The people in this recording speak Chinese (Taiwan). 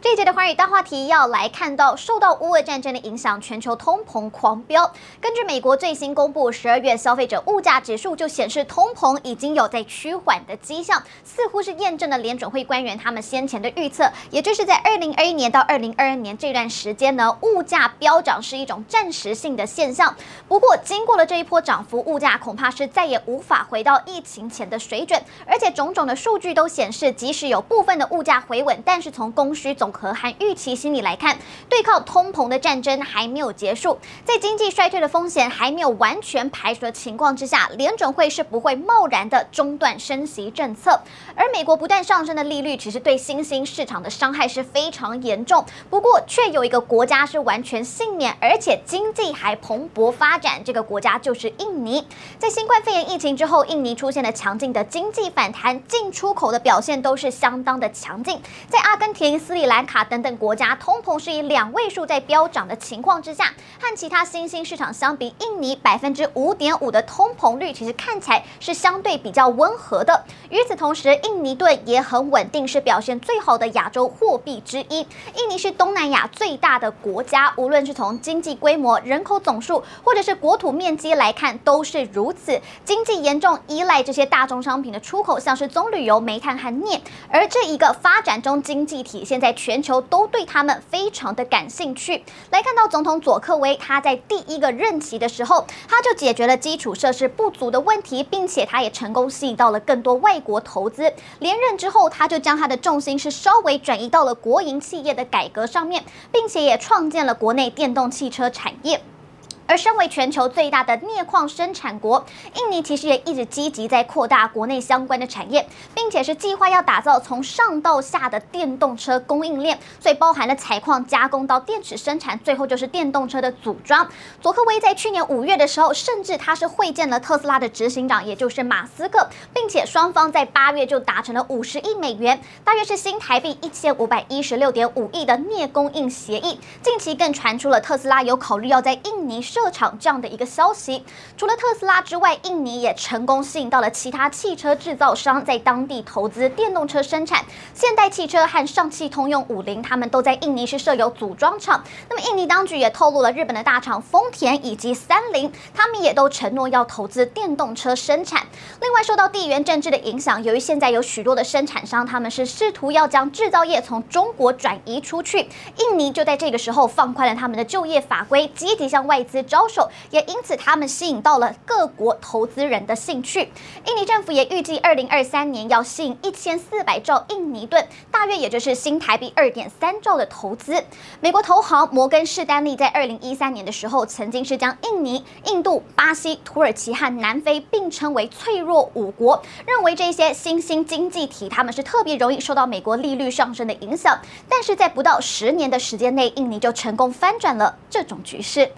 這一節的寰宇大話題要來看到，受到烏俄戰爭的影響，全球通膨狂飆。根據美國最新公布，十二月消費者物價指數就顯示通膨已經有在趨緩的跡象，似乎是驗證了聯準會官員他們先前的預測，也就是在二零二一年到二零二二年這段時間呢，物價飆漲是一種暫時性的現象。不過經過了這一波漲幅，物價恐怕是再也無法回到疫情前的水準，而且種種的數據都顯示，即使有部分的物價回穩，但是從供需總。和韓預期心理來看，對抗通膨的戰爭還沒有結束，在經濟衰退的風險還沒有完全排除的情況之下，聯準會是不會貿然的中斷升息政策。而美國不斷上升的利率，其實對新興市場的傷害是非常嚴重。不過，卻有一個國家是完全倖免，而且經濟還蓬勃發展。這個國家就是印尼。在新冠肺炎疫情之後，印尼出現了強勁的經濟反彈，進出口的表現都是相當的強勁。在阿根廷、斯里蘭卡等等國家通膨是以兩位數在飆漲的情況之下，和其他新興市場相比，印尼百分之五點五的通膨率其實看起來是相對比較溫和的。與此同時，印尼盾也很穩定，是表現最好的亞洲貨幣之一。印尼是東南亞最大的國家，無論是從經濟規模、人口總數，或者是國土面積來看，都是如此。經濟嚴重依賴這些大宗商品的出口，像是棕櫚油、煤炭和鎳，而這一個發展中經濟體現在。全球都對他們非常的感興趣。來看到總統佐科維，他在第一個任期的時候，他就解決了基礎設施不足的問題，並且他也成功吸引到了更多外國投資。連任之後，他就將他的重心是稍微轉移到了國營企業的改革上面，並且也創建了國內電動汽車產業。而身為全球最大的鎳礦生產國，印尼其實也一直積極在擴大國內相關的產業，並且是計劃要打造從上到下的電動車供應鏈，所以包含了採礦、加工到電池生產，最後就是電動車的組裝。佐科威在去年五月的時候，甚至他是會見了特斯拉的執行長，也就是馬斯克，並且雙方在八月就達成了五十億美元，大約是新台幣一千五百一十六點五億的鎳供應協議。近期更傳出了特斯拉有考慮要在印尼設廠這樣的一個消息，除了特斯拉之外，印尼也成功吸引到了其他汽車製造商在當地投資電動車生產。現代汽車和上汽通用五菱，他們都在印尼是設有組裝廠。那麼，印尼當局也透露了日本的大廠豐田以及三菱，他們也都承諾要投資電動車生產。另外，受到地緣政治的影響，由於現在有許多的生產商，他們是試圖要將制造業從中國轉移出去，印尼就在這個時候放寬了他們的就業法規，積極向外資，招手，也因此他們吸引到了各國投資人的興趣。印尼政府也預計，二零二三年要吸引一千四百兆印尼盾，大約也就是新台幣二點三兆的投資。美國投行摩根士丹利在二零一三年的時候，曾經是將印尼、印度、巴西、土耳其和南非並稱為脆弱五國，認為這些新興經濟體他們是特別容易受到美國利率上升的影響。但是在不到十年的時間內，印尼就成功翻轉了這種局勢。